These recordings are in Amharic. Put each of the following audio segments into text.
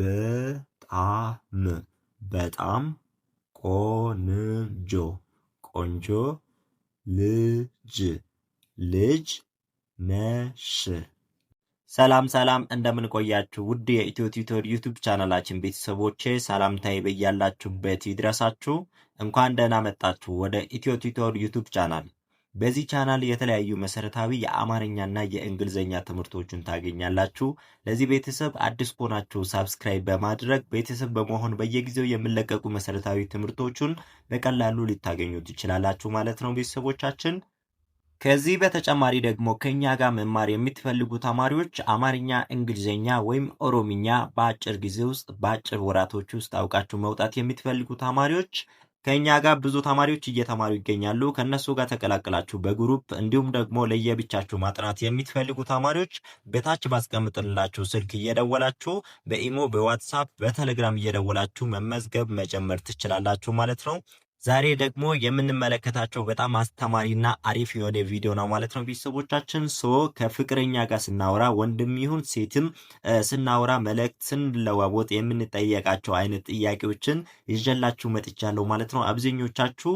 በጣም በጣም ቆንጆ ቆንጆ ልጅ ልጅ ነሽ። ሰላም ሰላም፣ እንደምንቆያችሁ ውድ የኢትዮ ቲዩቶር ዩቱብ ቻናላችን ቤተሰቦቼ ሰላምታዬ በያላችሁበት ይድረሳችሁ። እንኳን ደህና መጣችሁ ወደ ኢትዮ ቲዩቶር ዩቱብ ቻናል። በዚህ ቻናል የተለያዩ መሰረታዊ የአማርኛና የእንግሊዝኛ ትምህርቶችን ታገኛላችሁ። ለዚህ ቤተሰብ አዲስ ከሆናችሁ ሳብስክራይብ በማድረግ ቤተሰብ በመሆን በየጊዜው የሚለቀቁ መሰረታዊ ትምህርቶችን በቀላሉ ሊታገኙ ትችላላችሁ ማለት ነው ቤተሰቦቻችን። ከዚህ በተጨማሪ ደግሞ ከእኛ ጋር መማር የምትፈልጉ ተማሪዎች አማርኛ፣ እንግሊዝኛ ወይም ኦሮምኛ በአጭር ጊዜ ውስጥ በአጭር ወራቶች ውስጥ አውቃችሁ መውጣት የምትፈልጉ ተማሪዎች ከእኛ ጋር ብዙ ተማሪዎች እየተማሩ ይገኛሉ። ከእነሱ ጋር ተቀላቅላችሁ በግሩፕ እንዲሁም ደግሞ ለየብቻችሁ ማጥናት የሚትፈልጉ ተማሪዎች በታች ባስቀምጥላችሁ ስልክ እየደወላችሁ በኢሞ፣ በዋትሳፕ፣ በቴሌግራም እየደወላችሁ መመዝገብ መጀመር ትችላላችሁ ማለት ነው። ዛሬ ደግሞ የምንመለከታቸው በጣም አስተማሪና አሪፍ የሆነ ቪዲዮ ነው ማለት ነው ቤተሰቦቻችን። ሶ ከፍቅረኛ ጋር ስናወራ ወንድም ይሁን ሴትም ስናወራ መልእክት ስንለዋወጥ የምንጠየቃቸው አይነት ጥያቄዎችን ይዤላችሁ መጥቻለሁ ማለት ነው። አብዛኞቻችሁ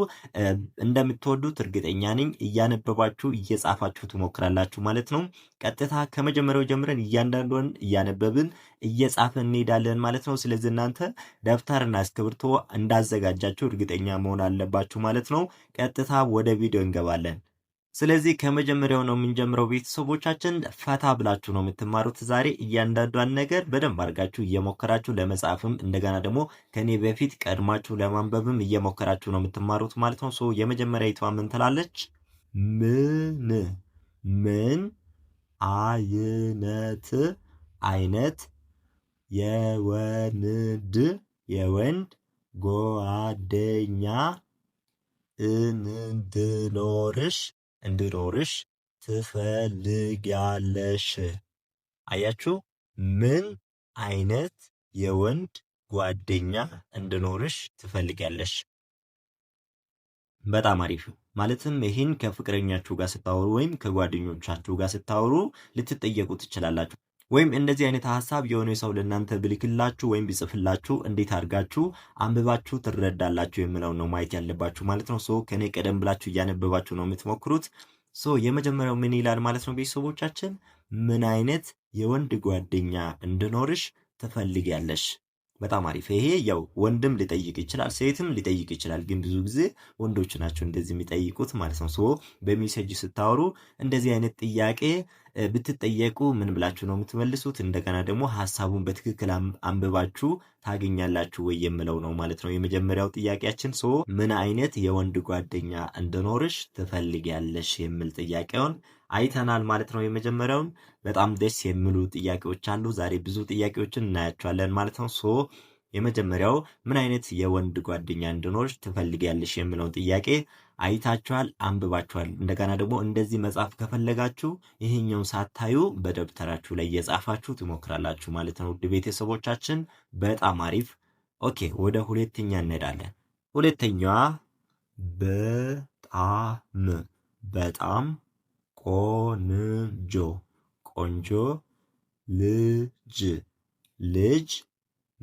እንደምትወዱት እርግጠኛ ነኝ። እያነበባችሁ እየጻፋችሁ ትሞክራላችሁ ማለት ነው። ቀጥታ ከመጀመሪያው ጀምረን እያንዳንዱን እያነበብን እየጻፈ እንሄዳለን ማለት ነው። ስለዚህ እናንተ ደብተርና እስክብርቶ እንዳዘጋጃችሁ እርግጠኛ መሆን አለባችሁ ማለት ነው። ቀጥታ ወደ ቪዲዮ እንገባለን። ስለዚህ ከመጀመሪያው ነው የምንጀምረው። ቤተሰቦቻችን ፈታ ብላችሁ ነው የምትማሩት ዛሬ። እያንዳንዷን ነገር በደንብ አድርጋችሁ እየሞከራችሁ ለመጻፍም እንደገና ደግሞ ከኔ በፊት ቀድማችሁ ለማንበብም እየሞከራችሁ ነው የምትማሩት ማለት ነው። ሶ የመጀመሪያ ይቷ ምን ትላለች? ምን ምን አይነት አይነት የወንድ የወንድ ጓደኛ እንድኖርሽ እንድኖርሽ ትፈልጊያለሽ። አያችሁ ምን አይነት የወንድ ጓደኛ እንድኖርሽ ትፈልጊያለሽ? በጣም አሪፍ። ማለትም ይህን ከፍቅረኛችሁ ጋር ስታወሩ ወይም ከጓደኞቻችሁ ጋር ስታወሩ ልትጠየቁ ትችላላችሁ። ወይም እንደዚህ አይነት ሀሳብ የሆነ ሰው ለእናንተ ብልክላችሁ ወይም ቢጽፍላችሁ እንዴት አድርጋችሁ አንብባችሁ ትረዳላችሁ የሚለው ነው ማየት ያለባችሁ ማለት ነው። ሶ ቀደም ብላችሁ እያነበባችሁ ነው የምትሞክሩት። ሶ የመጀመሪያው ምን ይላል ማለት ነው? ቤተሰቦቻችን ምን አይነት የወንድ ጓደኛ እንድኖርሽ ትፈልጊያለሽ? በጣም አሪፍ። ይሄ ያው ወንድም ሊጠይቅ ይችላል፣ ሴትም ሊጠይቅ ይችላል። ግን ብዙ ጊዜ ወንዶች ናቸው እንደዚህ የሚጠይቁት ማለት ነው። ሶ በሜሴጅ ስታወሩ እንደዚህ አይነት ጥያቄ ብትጠየቁ ምን ብላችሁ ነው የምትመልሱት? እንደገና ደግሞ ሀሳቡን በትክክል አንብባችሁ ታገኛላችሁ ወይ የምለው ነው ማለት ነው። የመጀመሪያው ጥያቄያችን ሶ ምን አይነት የወንድ ጓደኛ እንደኖርሽ ትፈልጊያለሽ የሚል ጥያቄውን አይተናል ማለት ነው። የመጀመሪያውን በጣም ደስ የሚሉ ጥያቄዎች አሉ። ዛሬ ብዙ ጥያቄዎችን እናያቸዋለን ማለት ነው። ሶ የመጀመሪያው ምን አይነት የወንድ ጓደኛ እንድኖር ትፈልጊያለሽ የሚለውን ጥያቄ አይታችኋል፣ አንብባችኋል። እንደገና ደግሞ እንደዚህ መጻፍ ከፈለጋችሁ ይህኛውን ሳታዩ በደብተራችሁ ላይ እየጻፋችሁ ትሞክራላችሁ ማለት ነው። ውድ ቤተሰቦቻችን በጣም አሪፍ። ኦኬ ወደ ሁለተኛ እንሄዳለን። ሁለተኛዋ በጣም በጣም ቆንጆ ቆንጆ ልጅ ልጅ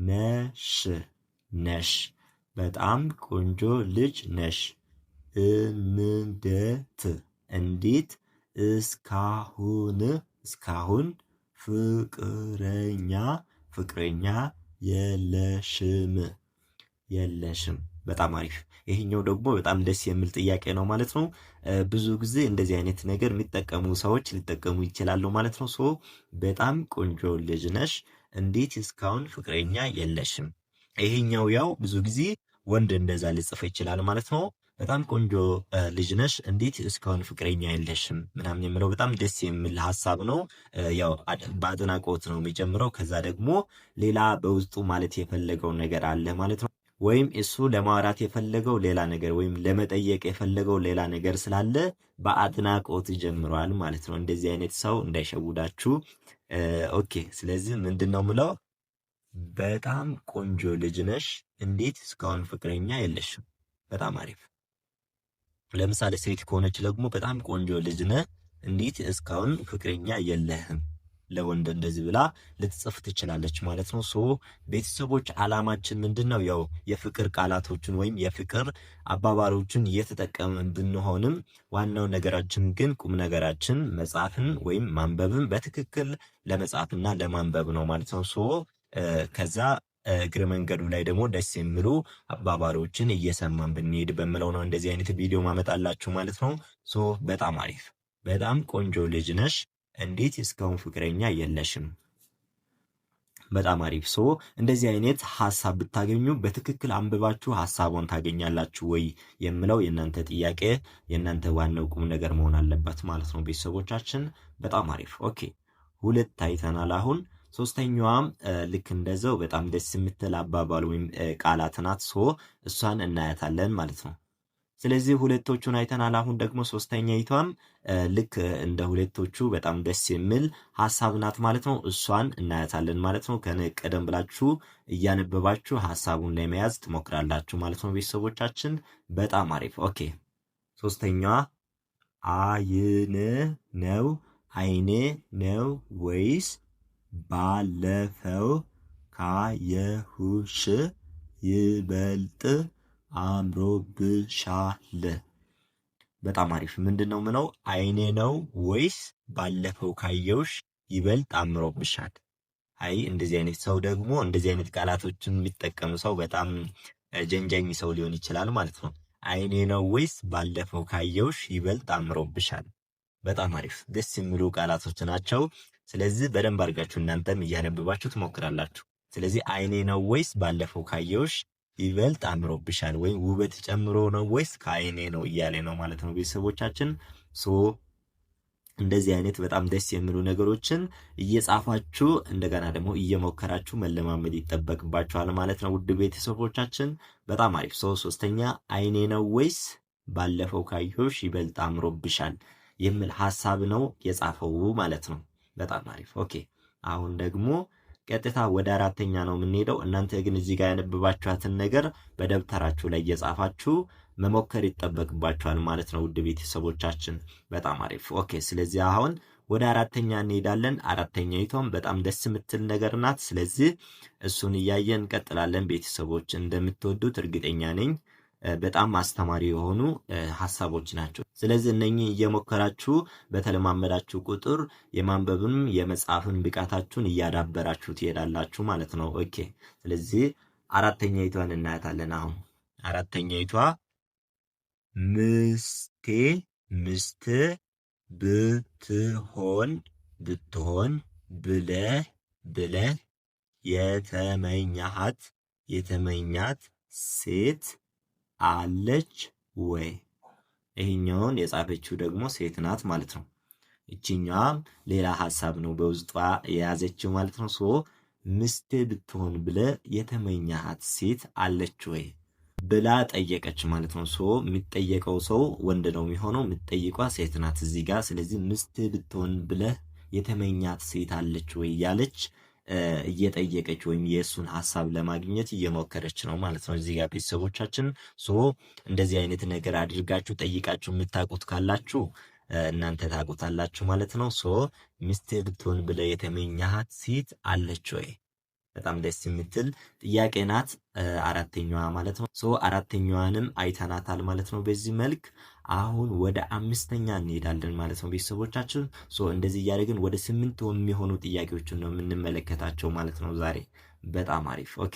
ነሽ ነሽ በጣም ቆንጆ ልጅ ነሽ። እንዴት እንዴት እስካሁን እስካሁን ፍቅረኛ ፍቅረኛ የለሽም የለሽም በጣም አሪፍ። ይሄኛው ደግሞ በጣም ደስ የሚል ጥያቄ ነው ማለት ነው። ብዙ ጊዜ እንደዚህ አይነት ነገር የሚጠቀሙ ሰዎች ሊጠቀሙ ይችላሉ ማለት ነው። ሶ በጣም ቆንጆ ልጅ ነሽ፣ እንዴት እስካሁን ፍቅረኛ የለሽም? ይሄኛው ያው ብዙ ጊዜ ወንድ እንደዛ ሊጽፈ ይችላል ማለት ነው። በጣም ቆንጆ ልጅ ነሽ፣ እንዴት እስካሁን ፍቅረኛ የለሽም? ምናምን የምለው በጣም ደስ የሚል ሀሳብ ነው። ያው በአድናቆት ነው የሚጀምረው። ከዛ ደግሞ ሌላ በውስጡ ማለት የፈለገው ነገር አለ ማለት ነው። ወይም እሱ ለማውራት የፈለገው ሌላ ነገር ወይም ለመጠየቅ የፈለገው ሌላ ነገር ስላለ በአድናቆት ጀምረዋል ማለት ነው። እንደዚህ አይነት ሰው እንዳይሸውዳችሁ። ኦኬ። ስለዚህ ምንድን ነው ምለው፣ በጣም ቆንጆ ልጅ ነሽ፣ እንዴት እስካሁን ፍቅረኛ የለሽም? በጣም አሪፍ። ለምሳሌ ሴት ከሆነች ደግሞ በጣም ቆንጆ ልጅ ነህ፣ እንዴት እስካሁን ፍቅረኛ የለህም ለወንድ እንደዚህ ብላ ልትጽፍ ትችላለች ማለት ነው። ሶ ቤተሰቦች አላማችን ምንድን ነው? ያው የፍቅር ቃላቶችን ወይም የፍቅር አባባሪዎችን እየተጠቀምን ብንሆንም ዋናው ነገራችን ግን ቁም ነገራችን መጻፍን ወይም ማንበብን በትክክል ለመጻፍና ለማንበብ ነው ማለት ነው። ሶ ከዛ እግረ መንገዱ ላይ ደግሞ ደስ የሚሉ አባባሪዎችን እየሰማን ብንሄድ በምለው ነው እንደዚህ አይነት ቪዲዮ ማመጣላችሁ ማለት ነው። ሶ በጣም አሪፍ በጣም ቆንጆ ልጅ ነሽ። እንዴት እስካሁን ፍቅረኛ የለሽም? በጣም አሪፍ ሶ እንደዚህ አይነት ሀሳብ ብታገኙ በትክክል አንብባችሁ ሀሳቡን ታገኛላችሁ ወይ የምለው የእናንተ ጥያቄ የእናንተ ዋናው ቁም ነገር መሆን አለበት ማለት ነው። ቤተሰቦቻችን በጣም አሪፍ ኦኬ። ሁለት አይተናል። አሁን ሶስተኛዋም ልክ እንደዛው በጣም ደስ የምትል አባባል ወይም ቃላት ናት። ሶ እሷን እናያታለን ማለት ነው። ስለዚህ ሁለቶቹን አይተናል። አሁን ደግሞ ሶስተኛ ይቷም ልክ እንደ ሁለቶቹ በጣም ደስ የሚል ሀሳብ ናት ማለት ነው። እሷን እናያታለን ማለት ነው። ከነ ቀደም ብላችሁ እያነበባችሁ ሀሳቡን ለመያዝ ትሞክራላችሁ ማለት ነው። ቤተሰቦቻችን በጣም አሪፍ ኦኬ። ሶስተኛዋ አይን ነው አይኔ ነው ወይስ ባለፈው ካየሁሽ ይበልጥ አምሮብሻል። በጣም አሪፍ። ምንድን ነው ምለው? አይኔ ነው ወይስ ባለፈው ካየውሽ ይበልጥ አምሮብሻል? አይ እንደዚህ አይነት ሰው ደግሞ እንደዚህ አይነት ቃላቶችን የሚጠቀም ሰው በጣም ጀንጃኝ ሰው ሊሆን ይችላል ማለት ነው። አይኔ ነው ወይስ ባለፈው ካየውሽ ይበልጥ አምሮብሻል? በጣም አሪፍ ደስ የሚሉ ቃላቶች ናቸው። ስለዚህ በደንብ አድርጋችሁ እናንተም እያነበባችሁ ትሞክራላችሁ። ስለዚህ አይኔ ነው ወይስ ባለፈው ካየውሽ ይበልጥ አምሮብሻል ወይም ውበት ጨምሮ ነው ወይስ ከአይኔ ነው እያለ ነው ማለት ነው። ቤተሰቦቻችን ሶ እንደዚህ አይነት በጣም ደስ የሚሉ ነገሮችን እየጻፋችሁ እንደገና ደግሞ እየሞከራችሁ መለማመድ ይጠበቅባችኋል ማለት ነው። ውድ ቤተሰቦቻችን በጣም አሪፍ ሶ ሶስተኛ አይኔ ነው ወይስ ባለፈው ካየሁሽ ይበልጥ አምሮብሻል የሚል ሀሳብ ነው የጻፈው ማለት ነው። በጣም አሪፍ ኦኬ። አሁን ደግሞ ቀጥታ ወደ አራተኛ ነው የምንሄደው። እናንተ ግን እዚህ ጋር ያነበባችኋትን ነገር በደብተራችሁ ላይ እየጻፋችሁ መሞከር ይጠበቅባችኋል ማለት ነው። ውድ ቤተሰቦቻችን በጣም አሪፍ ኦኬ። ስለዚህ አሁን ወደ አራተኛ እንሄዳለን። አራተኛይቷም በጣም ደስ የምትል ነገር ናት። ስለዚህ እሱን እያየን እንቀጥላለን። ቤተሰቦች እንደምትወዱት እርግጠኛ ነኝ። በጣም አስተማሪ የሆኑ ሀሳቦች ናቸው። ስለዚህ እነኚህ እየሞከራችሁ በተለማመዳችሁ ቁጥር የማንበብም የመጽሐፍን ብቃታችሁን እያዳበራችሁ ትሄዳላችሁ ማለት ነው። ኦኬ። ስለዚህ አራተኛ ይቷን እናያታለን። አሁን አራተኛ ይቷ ምስቴ ምስት ብትሆን ብትሆን ብለ ብለ የተመኛሃት የተመኛት ሴት አለች ወይ? ይህኛውን የጻፈችው ደግሞ ሴት ናት ማለት ነው። እችኛዋም ሌላ ሀሳብ ነው በውስጧ የያዘችው ማለት ነው። ሶ ሚስቴ ብትሆን ብለ የተመኛሃት ሴት አለች ወይ ብላ ጠየቀች ማለት ነው። ሶ የሚጠየቀው ሰው ወንድ ነው የሚሆነው፣ የምትጠይቋ ሴት ናት እዚህ ጋር። ስለዚህ ሚስቴ ብትሆን ብለ የተመኛት ሴት አለች ወይ እያለች እየጠየቀች ወይም የእሱን ሀሳብ ለማግኘት እየሞከረች ነው ማለት ነው። እዚህ ጋር ቤተሰቦቻችን ሶ እንደዚህ አይነት ነገር አድርጋችሁ ጠይቃችሁ የምታውቁት ካላችሁ እናንተ ታውቁታላችሁ ማለት ነው። ሶ ሚስትህ ብትሆን ብለ የተመኘሃት ሴት አለች ወይ? በጣም ደስ የምትል ጥያቄ ናት። አራተኛዋ ማለት ነው። ሶ አራተኛዋንም አይተናታል ማለት ነው። በዚህ መልክ አሁን ወደ አምስተኛ እንሄዳለን ማለት ነው ቤተሰቦቻችን። እንደዚህ እያደረግን ወደ ስምንት የሚሆኑ ጥያቄዎችን ነው የምንመለከታቸው ማለት ነው ዛሬ። በጣም አሪፍ ኦኬ።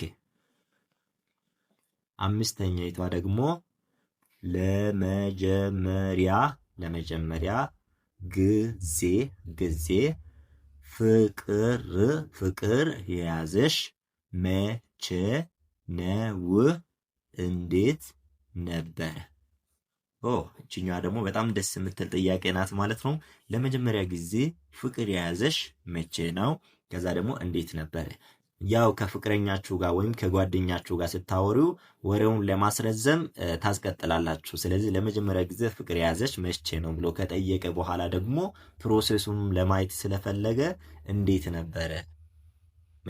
አምስተኛ ይቷ ደግሞ ለመጀመሪያ ለመጀመሪያ ጊዜ ጊዜ ፍቅር ፍቅር የያዘሽ መቼ ነው? እንዴት ነበረ? እችኛዋ ደግሞ በጣም ደስ የምትል ጥያቄ ናት ማለት ነው። ለመጀመሪያ ጊዜ ፍቅር የያዘሽ መቼ ነው? ከዛ ደግሞ እንዴት ነበረ? ያው ከፍቅረኛችሁ ጋር ወይም ከጓደኛችሁ ጋር ስታወሩ ወሬውን ለማስረዘም ታስቀጥላላችሁ። ስለዚህ ለመጀመሪያ ጊዜ ፍቅር የያዘች መቼ ነው ብሎ ከጠየቀ በኋላ ደግሞ ፕሮሴሱን ለማየት ስለፈለገ እንዴት ነበረ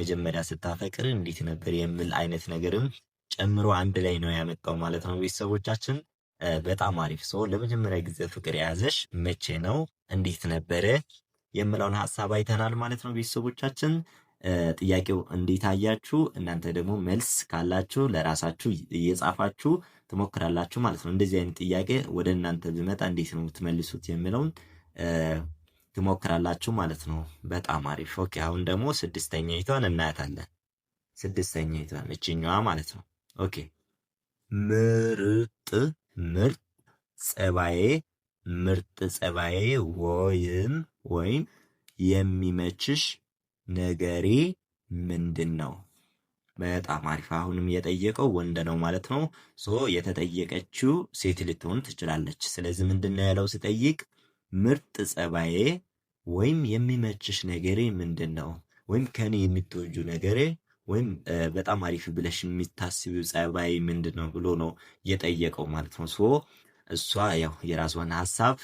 መጀመሪያ ስታፈቅር እንዴት ነበር የሚል አይነት ነገርም ጨምሮ አንድ ላይ ነው ያመጣው ማለት ነው ቤተሰቦቻችን በጣም አሪፍ ሰው። ለመጀመሪያ ጊዜ ፍቅር የያዘሽ መቼ ነው? እንዴት ነበረ? የምለውን ሀሳብ አይተናል ማለት ነው። ቤተሰቦቻችን ጥያቄው እንዴት አያችሁ? እናንተ ደግሞ መልስ ካላችሁ ለራሳችሁ እየጻፋችሁ ትሞክራላችሁ ማለት ነው። እንደዚህ አይነት ጥያቄ ወደ እናንተ ቢመጣ እንዴት ነው የምትመልሱት የሚለውን ትሞክራላችሁ ማለት ነው። በጣም አሪፍ ኦኬ። አሁን ደግሞ ስድስተኛ ይቷን እናያታለን። ስድስተኛ ይቷን እችኛዋ ማለት ነው። ኦኬ ምርጥ ምርጥ ጸባዬ ምርጥ ጸባዬ ወይም ወይም የሚመችሽ ነገሬ ምንድን ነው? በጣም አሪፍ። አሁንም የጠየቀው ወንድ ነው ማለት ነው። ሶ የተጠየቀችው ሴት ልትሆን ትችላለች። ስለዚህ ምንድን ነው ያለው ሲጠይቅ ምርጥ ጸባዬ ወይም የሚመችሽ ነገሬ ምንድን ነው? ወይም ከኔ የምትወጁ ነገሬ ወይም በጣም አሪፍ ብለሽ የሚታስብ ጸባይ ምንድን ነው ብሎ ነው የጠየቀው ማለት ነው። ሶ እሷ ያው የራሷን ሀሳብ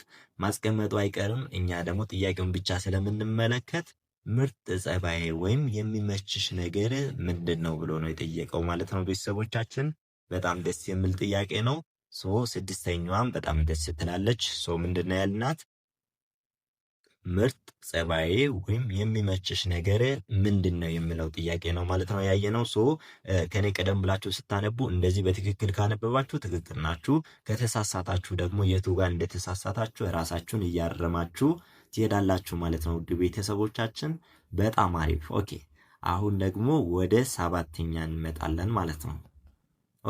ማስቀመጡ አይቀርም። እኛ ደግሞ ጥያቄውን ብቻ ስለምንመለከት ምርጥ ጸባይ ወይም የሚመችሽ ነገር ምንድን ነው ብሎ ነው የጠየቀው ማለት ነው። ቤተሰቦቻችን በጣም ደስ የሚል ጥያቄ ነው። ሶ ስድስተኛዋም በጣም ደስ ትላለች። ሶ ምንድን ነው ያልናት ምርጥ ጸባዬ ወይም የሚመችሽ ነገር ምንድን ነው የሚለው ጥያቄ ነው ማለት ነው ያየነው። ሶ ከኔ ቀደም ብላችሁ ስታነቡ እንደዚህ በትክክል ካነበባችሁ ትክክል ናችሁ። ከተሳሳታችሁ ደግሞ የቱ ጋር እንደተሳሳታችሁ ራሳችሁን እያረማችሁ ትሄዳላችሁ ማለት ነው። ውድ ቤተሰቦቻችን በጣም አሪፍ። ኦኬ አሁን ደግሞ ወደ ሰባተኛ እንመጣለን ማለት ነው።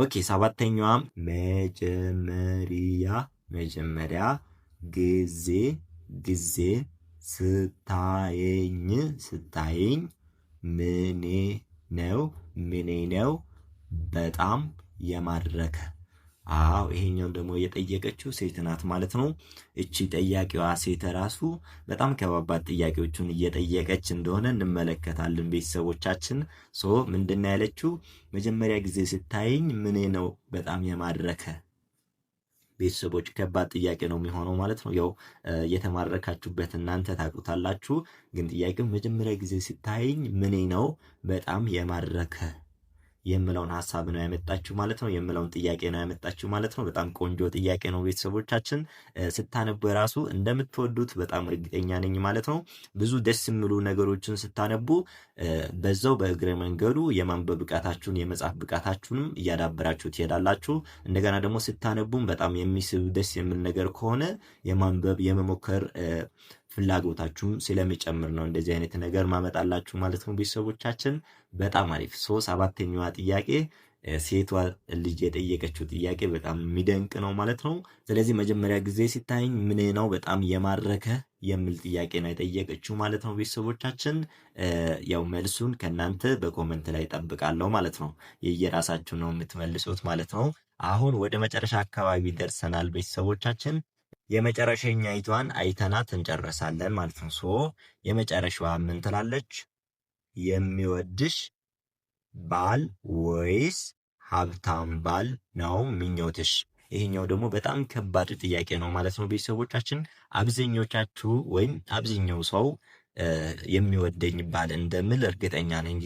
ኦኬ ሰባተኛዋም መጀመሪያ መጀመሪያ ጊዜ ጊዜ ስታየኝ ስታየኝ ምኔ ነው ምኔ ነው በጣም የማረከ አዎ ይሄኛው ደግሞ የጠየቀችው ሴት ናት ማለት ነው። እቺ ጠያቂዋ ሴት ራሱ በጣም ከባባድ ጥያቄዎቹን እየጠየቀች እንደሆነ እንመለከታለን። ቤተሰቦቻችን ሶ ምንድን ያለችው መጀመሪያ ጊዜ ስታየኝ ምኔ ነው በጣም የማረከ ቤተሰቦች ከባድ ጥያቄ ነው የሚሆነው ማለት ነው። ያው የተማረካችሁበት እናንተ ታውቁታላችሁ። ግን ጥያቄው መጀመሪያ ጊዜ ሲታየኝ ምኔ ነው በጣም የማረከ የምለውን ሀሳብ ነው ያመጣችሁ ማለት ነው። የምለውን ጥያቄ ነው ያመጣችሁ ማለት ነው። በጣም ቆንጆ ጥያቄ ነው። ቤተሰቦቻችን ስታነቡ የራሱ እንደምትወዱት በጣም እርግጠኛ ነኝ ማለት ነው። ብዙ ደስ የሚሉ ነገሮችን ስታነቡ በዛው በእግረ መንገዱ የማንበብ ብቃታችሁን የመጻፍ ብቃታችሁንም እያዳበራችሁ ትሄዳላችሁ። እንደገና ደግሞ ስታነቡም በጣም የሚስብ ደስ የሚል ነገር ከሆነ የማንበብ የመሞከር ፍላጎታችሁም ስለሚጨምር ነው እንደዚህ አይነት ነገር ማመጣላችሁ ማለት ነው። ቤተሰቦቻችን በጣም አሪፍ። ሶ ሰባተኛዋ ጥያቄ ሴቷ ልጅ የጠየቀችው ጥያቄ በጣም የሚደንቅ ነው ማለት ነው። ስለዚህ መጀመሪያ ጊዜ ሲታይኝ ምን ነው በጣም የማረከ የሚል ጥያቄ ነው የጠየቀችው ማለት ነው። ቤተሰቦቻችን ያው መልሱን ከእናንተ በኮመንት ላይ ጠብቃለሁ ማለት ነው። የየራሳችሁ ነው የምትመልሱት ማለት ነው። አሁን ወደ መጨረሻ አካባቢ ደርሰናል ቤተሰቦቻችን። የመጨረሻኛ ይቷን አይተናት እንጨረሳለን ማለት ነው። ሶ የመጨረሻዋ ምን ትላለች? የሚወድሽ ባል ወይስ ሀብታም ባል ነው ምኞትሽ? ይሄኛው ደግሞ በጣም ከባድ ጥያቄ ነው ማለት ነው። ቤተሰቦቻችን አብዛኞቻችሁ ወይም አብዛኛው ሰው የሚወደኝ ባል እንደምል እርግጠኛ ነኝ።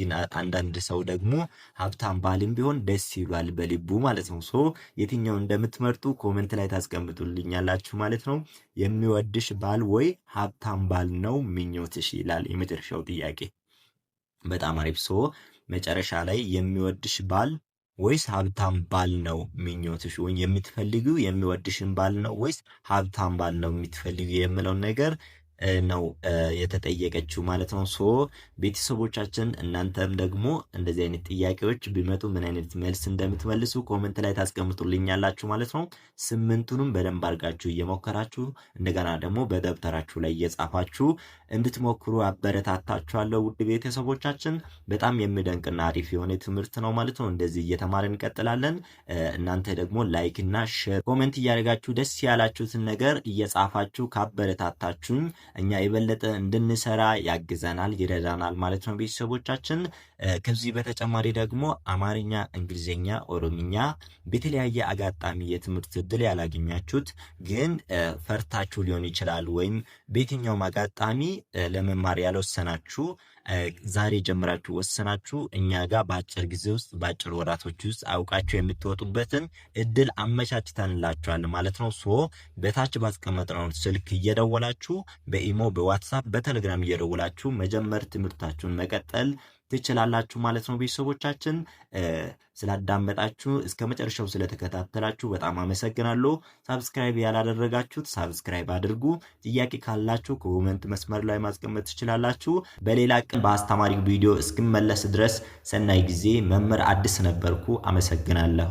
አንዳንድ ሰው ደግሞ ሀብታም ባልም ቢሆን ደስ ይሏል በልቡ ማለት ነው። ሶ የትኛው እንደምትመርጡ ኮመንት ላይ ታስቀምጡልኛላችሁ ማለት ነው። የሚወድሽ ባል ወይ ሀብታም ባል ነው ምኞትሽ ይላል የመጨረሻው ጥያቄ። በጣም አሪፍ። ሶ መጨረሻ ላይ የሚወድሽ ባል ወይስ ሀብታም ባል ነው ምኞትሽ ወይም የምትፈልጊው የሚወድሽን ባል ነው ወይስ ሀብታም ባል ነው የምትፈልጊው የምለውን ነገር ነው የተጠየቀችው ማለት ነው። ሶ ቤተሰቦቻችን እናንተም ደግሞ እንደዚህ አይነት ጥያቄዎች ቢመጡ ምን አይነት መልስ እንደምትመልሱ ኮመንት ላይ ታስቀምጡልኛላችሁ ማለት ነው። ስምንቱንም በደንብ አድርጋችሁ እየሞከራችሁ እንደገና ደግሞ በደብተራችሁ ላይ እየጻፋችሁ እንድትሞክሩ አበረታታችኋለሁ። ውድ ቤተሰቦቻችን በጣም የሚደንቅና አሪፍ የሆነ ትምህርት ነው ማለት ነው። እንደዚህ እየተማርን እንቀጥላለን። እናንተ ደግሞ ላይክ እና ሼር፣ ኮመንት እያደረጋችሁ ደስ ያላችሁትን ነገር እየጻፋችሁ ካበረታታችሁኝ እኛ የበለጠ እንድንሰራ ያግዘናል፣ ይረዳናል ማለት ነው። ቤተሰቦቻችን ከዚህ በተጨማሪ ደግሞ አማርኛ፣ እንግሊዝኛ፣ ኦሮምኛ በተለያየ አጋጣሚ የትምህርት እድል ያላገኛችሁት ግን ፈርታችሁ ሊሆን ይችላል ወይም በየትኛውም አጋጣሚ ለመማር ያልወሰናችሁ ዛሬ ጀምራችሁ ወሰናችሁ እኛ ጋር በአጭር ጊዜ ውስጥ በአጭር ወራቶች ውስጥ አውቃችሁ የምትወጡበትን እድል አመቻችተንላችኋል ማለት ነው። ሶ በታች ባስቀመጥነው ስልክ እየደወላችሁ በኢሞ፣ በዋትሳፕ፣ በቴሌግራም እየደወላችሁ መጀመር ትምህርታችሁን መቀጠል ትችላላችሁ ማለት ነው። ቤተሰቦቻችን ስላዳመጣችሁ እስከ መጨረሻው ስለተከታተላችሁ በጣም አመሰግናለሁ። ሳብስክራይብ ያላደረጋችሁት ሳብስክራይብ አድርጉ። ጥያቄ ካላችሁ ኮመንት መስመር ላይ ማስቀመጥ ትችላላችሁ። በሌላ ቀን በአስተማሪ ቪዲዮ እስክመለስ ድረስ ሰናይ ጊዜ። መምህር አዲስ ነበርኩ። አመሰግናለሁ።